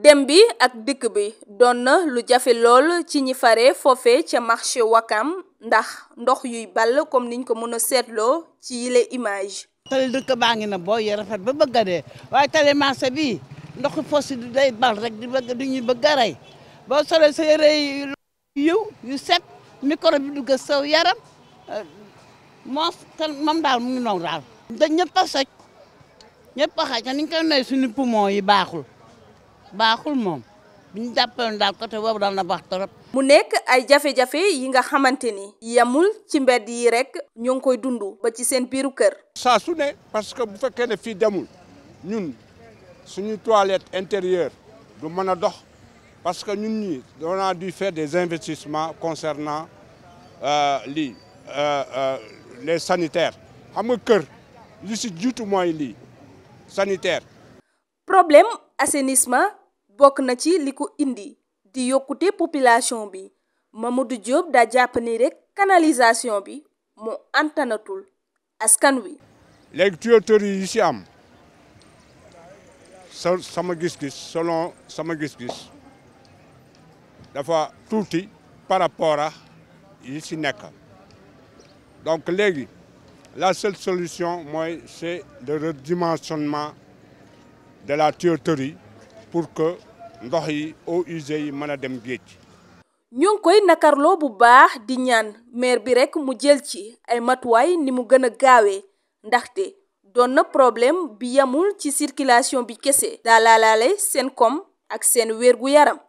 dem bi ak dikk bi doon na lu jafe lool ci ñi fare foofe ca marché Wakam ndax ndox yuy ball comme niñ ko mën a seetloo ci yile image tali dëkk baa ngi na boo yee rafet ba bëgg a waaye tali marché bi ndoxu fosse du day bal rek di bëgg du ñuy rey boo solee sa yére yu yiw yu set micro bi dugg saw yaram moo kenn moom daal mu ngi noonu daal. da ñëpp a soj ñëpp a xaj te ni ñu koy noyyi suñu poumon yi baaxul baaxul moom bu ñu jàppoon daal côté boobu daal na baax trop. mu nekk ay jafe-jafe yi nga xamante ni. yemul ci mbedd yi rek. ñoo ngi koy dund ba ci seen piiru kër. saa su ne parce que bu fekkee ne fii demul ñun suñu toilette intérieure du mën a dox parce que ñun ñi on a dû des investissements concernant euh, lii. Euh, euh, les sanitaire xam nga kër li si jiitu mooy lii sanitaire. problème assainissement bokk na ci li ko indi di yokkute population bi Mamadou Diop daa jàpp ni rek canalisation bi mu antanatul askan wi. léegi tuyauterie yi si am sa sama gis-gis selon sama gis-gis dafa tuuti par rapport ak yi si nekk. donc léegi la seule solution mooy c'est le redimensionnement de la tuyauterie pour que ndox yi eaux usées yi mën a dem géej. ñu koy nakarloo bu baax di ñaan maire bi rekk mu jël ci ay matuwaay ni mu gën a gaawee ndaxte doon na problème bi yamul ci circulation bi kese daa seen koom ak seen wér gu yaram.